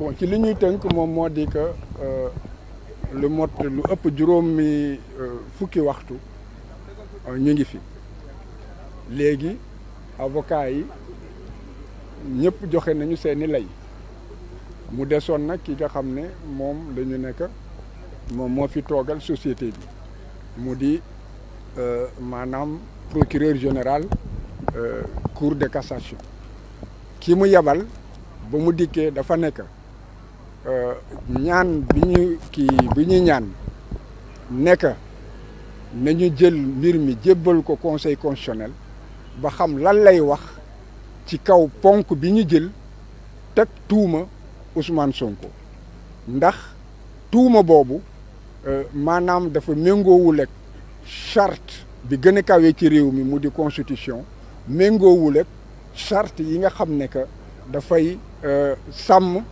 bon ci li ñuy tënk moom moo di que euh, lu mot lu ëpp juróomi euh, fukki waxtu euh, ñu ngi fi léegi avocat yi ñëpp joxe nañu seeni lay mu desoon nag ki nga xam ne moom lañu nekk moom moo fi toogal société bi mu di maanaam procureur général cour de cassation ki mu yebal ba mu dikkee dafa nekk ñaan bi ñu kii bi ñu ñaan nekk ñu jël mbir mi jébbal ko conseil constitutionnel ba xam lan lay wax ci kaw ponk bi ñu jël teg tuuma Ousmane Sonko ndax tuuma boobu euh, maanaam dafa méngoowul ak charte bi gën a kawee ci réew mi mu di constitution méngoowul ak charte yi nga xam ne que dafay euh, sàmm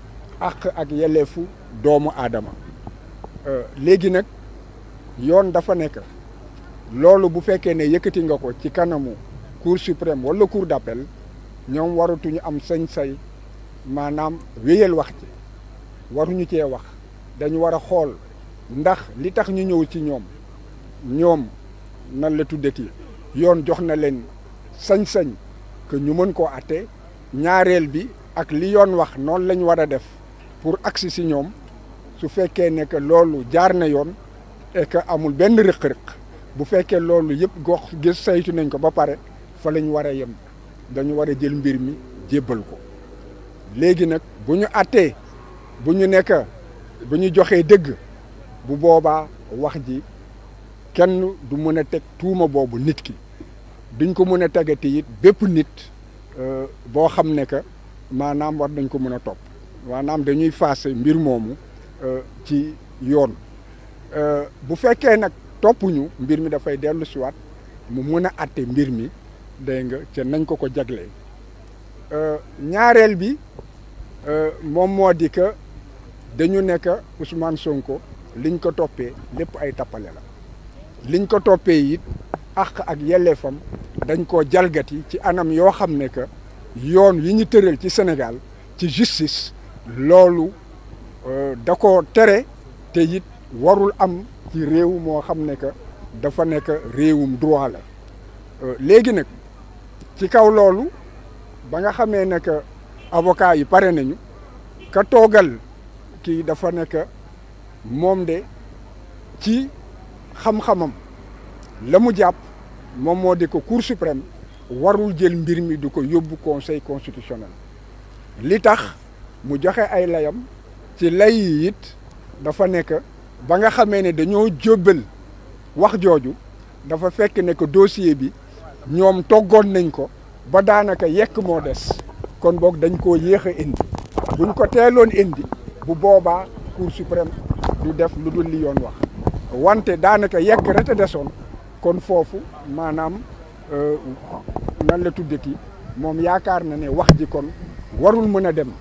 àq ak yelleefu doomu aadama euh, léegi nag yoon dafa nekk loolu bu fekkee ne yëkkati nga ko ci kanamu cour suprême wala cour d'appel ñoom waratuñu am sañ maanaam wéyal wax ci waruñu cee wax dañu war a xool ndax li tax ñu ñëw ci ñoom ñoom nan la tuddati yoon jox na leen sañ-sañ que ñu mën koo atte ñaareel bi ak li yoon wax noonu lañu war a def pour agsi si ñoom su fekkee ne loolu jaar na yoon et que amul benn riq rëq bu fekkee loolu yëpp gox gis saytu nañ ko ba pare fa la ñu war a yem dañu war a jël mbir mi jébbal ko léegi nag bu ñu attee bu ñu nekk bu ñu joxee dëgg bu boobaa wax ji kenn du mën a teg tuuma boobu nit ki duñ ko mën a tegati it bépp nit euh, boo xam ne que maanaam war nañ ko mën a topp maanaam dañuy faase mbir moomu euh, ci yoon euh, bu fekkee nag toppuñu mbir mi dafay dellusiwaat siwaat mu mën a atte mbir mi dégg nga ca nañ ko ko jagle jaglee euh, ñaareel bi moom moo di que dañu nekk Ousmane Sonko liñ ko toppee lépp ay tappale la liñ ko toppee it àq ak yelleefam dañ ko jalgati ci anam yoo xam ne que yoon yi ñu tëral ci senegal ci justice loolu euh, da ko tere te it warul am ci réew moo xam ne que dafa nekk réewum droit la euh, léegi nag ci kaw loolu ba nga xamee ne que avocat yi pare nañu ka toogal kii dafa nekk moom de ci xam-xamam la mu jàpp moom moo di ko cour suprême warul jël mbir mi du ko yóbbu conseil constitutionnel li tax mu joxe ay layam ci lay yi it dafa nekk ba nga xamee ne dañoo jóobal wax jooju dafa fekk ne que dossier bi ñoom toggoon nañ ko ba daanaka yekk moo des kon boog dañ koo yéex a indi buñ ko teeloon indi bu boobaa cour suprême du def lu dul li yoon wax wante daanaka yekk rek desoon kon foofu maanaam euh, nan la tuddati moom yaakaar na ne wax ji kon warul mën a dem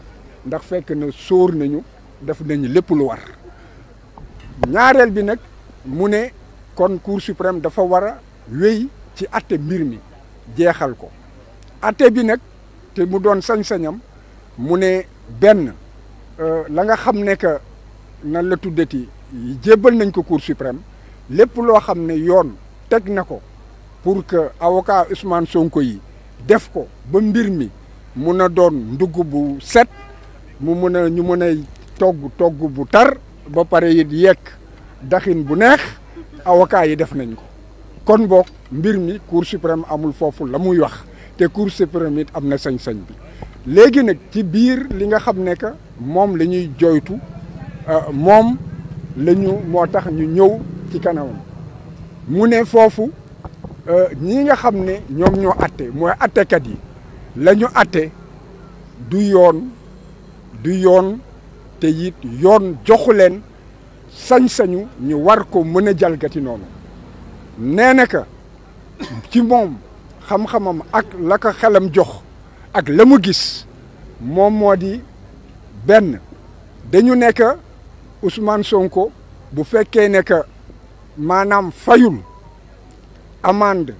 ndax fekk na sóor nañu def nañu lépp lu war ñaareel bi nag mu ne kon cour suprême dafa war a wéy ci atte mbir mi jeexal ko atte bi nag te mu doon sañ-sañam mu ne benn euh, la nga xam ne que nan la tuddati jébbal nañ ko cour suprême lépp loo xam ne yoon teg na ko pour que avocat Ousmane Sonko yi def ko ba mbir mi mun a doon ndugub bu set mu mën a ñu mën a togg togg bu tar ba pare it yekk daxin bu neex avocat yi def nañ ko kon boog mbir mi cour suprême amul foofu la muy wax te cour suprême it am na sañ-sañ bi léegi nag ci biir li nga xam ne que moom la ñuy joytu euh, moom lañu moo tax ñu ñëw ci kanamam mu ne foofu euh, ñi nga xam ne ñoom ñoo atte mooy attekat yi la ñu atte du yoon du yoon te it yoon joxuleen sañ-sañu ñu war ko mën a jalgati noonu nee na ka ci moom xam-xamam ak la ko xelam jox ak la mu gis moom moo di benn dañu nekk Ousmane Sonko bu fekkee ne que maanaam fayul amande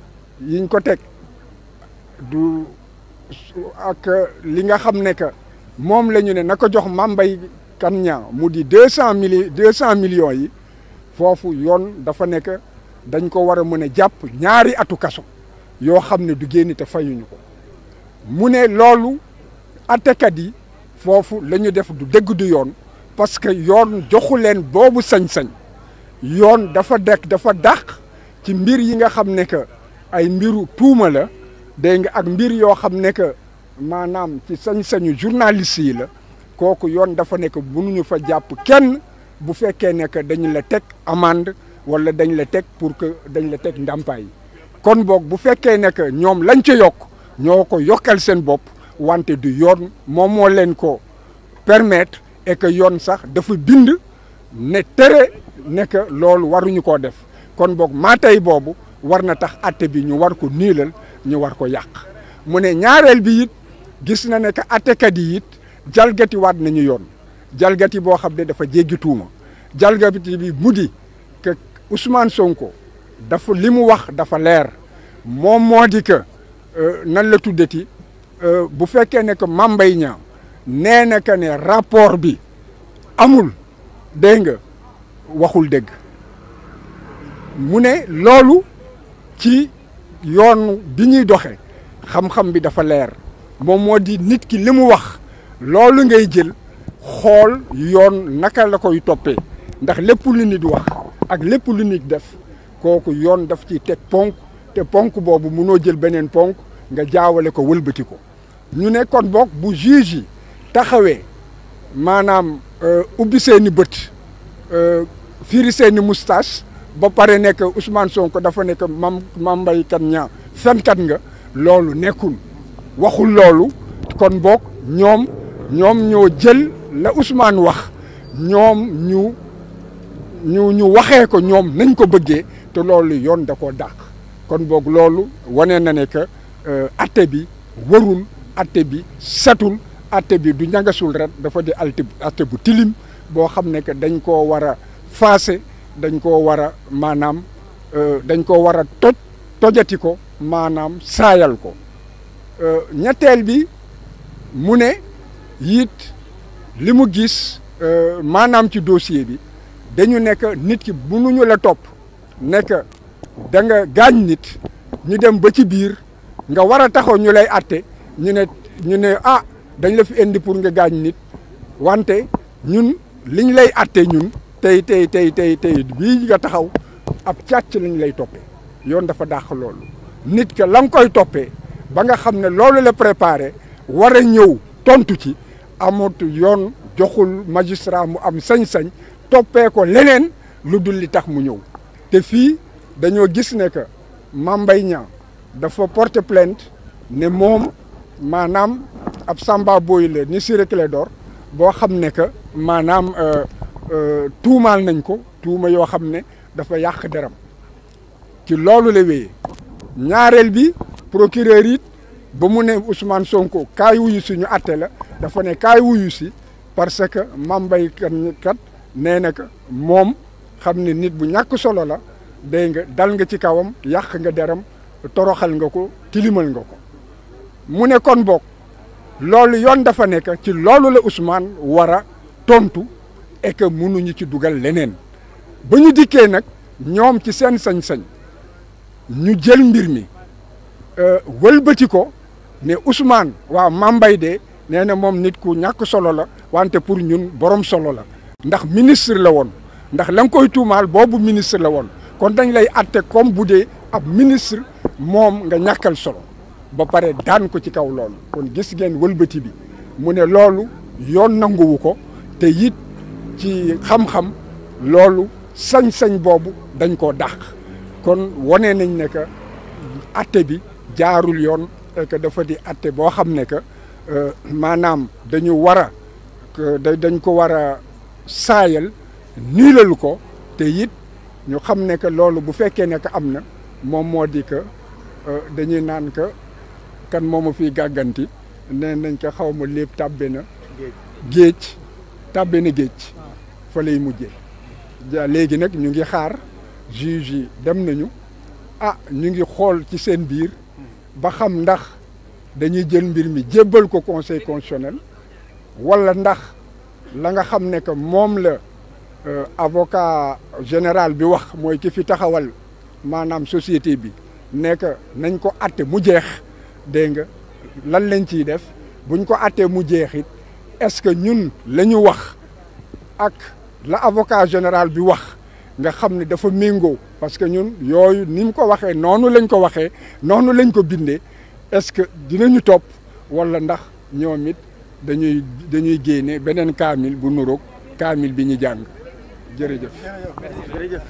yiñ ko teg du ak li nga xam ne que moom la ñu ne na ko jox mambay kan mu di deux cent mille deux cent millions yi foofu yoon dafa nekk dañ ko war a mën a jàpp ñaari atu kaso yoo xam ne du génn te fayuñu ko mu ne loolu attekat yi foofu lañu def du dëgg du yoon parce que yoon joxu leen boobu sañ-sañ yoon dafa dekk dafa dàq ci mbir yi nga xam ne que ay mbiru tuuma la dégg nga ak mbir yoo xam ne que maanaam ci sañ-sañu journaliste yi la kooku yoon dafa nekk ñu fa jàpp kenn bu fekkee ne que dañu la teg amende wala dañ la teg pour que dañ la teg ndàmpaay kon boog bu fekkee ne ñoom lañ ca yokk ñoo ko yokkal seen bopp wante du yoon moom moo leen ko permettre et que yoon sax dafa bind ne tere ne loolu waruñu koo def kon boog maa tey boobu war na tax atte bi ñu war ko niilal ñu war ko yàq mu ne ñaareel bi it gis na ne que attekat yi it jalgati waat nañu yoon jalgati boo xam ne dafa jéggi tuuma jalgati bi mu di que Sonko dafa li mu wax dafa leer moom moo di que euh, nan la tuddati euh, bu fekkee ne que Mame Mbaye Niang nee na que rapport bi amul dégg nga waxul dégg mu ne loolu ci yoon bi ñuy doxe xam-xam bi dafa leer moom moo di nit ki li mu wax loolu ngay jël xool yoon naka la koy toppee ndax lépp lu nit wax ak lépp lu nit def kooku yoon daf ci teg ponk te ponk boobu mënoo jël beneen ponk nga jaawale ko wëlbati ko ñu ne kon boog bu juge yi taxawee maanaam euh, ubbi seeni bët euh, firi seeni moustache ba pare nekk Ousmane ko dafa nekk mam mam mbay kan ñaa fenkat nga loolu nekkul waxul loolu kon boog ñoom ñoom ñoo jël la Ousmane wax ñoom ñu ñu ñu waxee ko ñoom nañ ko bëggee te loolu yoon da koo dàq kon boog loolu wane na ne que euh, atte bi wërul ate bi setul ate bi du ñagasul rek dafa di alte atte bu tilim boo xam ne que dañ koo war a faase dañ koo war a maanaam euh, dañ koo war a toj tojati ko maanaam saayal ko Euh, ñetteel bi mu ne yit li mu gis euh, maanaam ci dossier bi dañu nekk nit ki mënuñu la topp nekk da nga gaañ nit ñu dem ba ci biir nga war a taxaw ñu lay atte ñu ne ñu ne ah dañ la fi indi pour nga gaañ nit wante ñun liñ lay atte ñun tey tey tey tey tey bii ga taxaw ab càcc lañ lay toppee yoon dafa dàq loolu nit ka la koy toppee ba nga xam ne loolu la préparé war a ñëw tontu ci amut yoon joxul magistrat mu am sañ-sañ toppee ko leneen lu dul li tax mu ñëw te fii dañoo gis ne que Mame Mbaye dafa porter plainte ne moom maanaam ab Samba Boy la ni si Ciré door boo xam ne que maanaam euh, euh, tuumaal nañ ko tuuma yoo xam ne dafa yàq deram ci loolu la wéyee ñaareel bi procureur it ba mu ne Ousmane Sonko kaay wuyu si ñu atte la dafa ne kaay wuyu si parce que mambay kat nee na moom xam ne nit bu ñàkk solo la day nga dal nga ci kawam yàq nga deram toroxal nga ko tilimal nga ko mu ne kon boog loolu yoon dafa nekk ci loolu la Ousmane war a tontu ek que mënuñu ci dugal leneen ba ñu dikkee nag ñoom ci seen sañ-sañ ñu jël mbir mi Euh, wëlbati ko ne Ousmane waa Mame Mbaye de nee na moom nit ku ñàkk solo la wante pour ñun borom solo la. ndax ministre la woon ndax la nga koy tuumaal boobu ministre la woon kon dañ lay atte comme bu dee ab ministre moom nga ñàkkal solo ba pare daan ko ci kaw loolu kon gis ngeen wëlbati bi mu ne loolu yoon nanguwu ko te it ci xam-xam loolu sañ-sañ boobu dañ koo dàq kon wane nañ ne que atte bi. jaarul yoon et euh, que dafa di atte boo xam ne que euh, maanaam dañu war a dañ ko war a saayal niilalu ko te it ñu xam ne que loolu bu fekkee ne que am na moom moo di que euh, dañuy naan que kan moomu fii gàgganti ne nañ ko xaw ma lépp tàbbe na géej tàbbe géej fa lay mujje léegi nag ñu ngi xaar juge yi dem nañu ah ñu ngi xool ci seen biir ba xam ndax dañuy jël mbir mi jébbal ko conseil constitutionnel wala ndax la nga xam ne que moom la euh, avocat général bi wax mooy ki fi taxawal maanaam société bi nekk nañ ko atte mu jeex dégg nga lan lañ ci def buñ ko attee mu jeexit est-ce que ñun la ñu wax ak la avocat général bi wax nga xam ne dafa méngoo parce que ñun yooyu ni ko waxee noonu lañ ko waxee noonu lañ ko bindee est-ce que ñu topp walla ndax ñoom it dañuy dañuy génne beneen kaamil bu nuroog kaamil bi ñu jàng jërëjëf.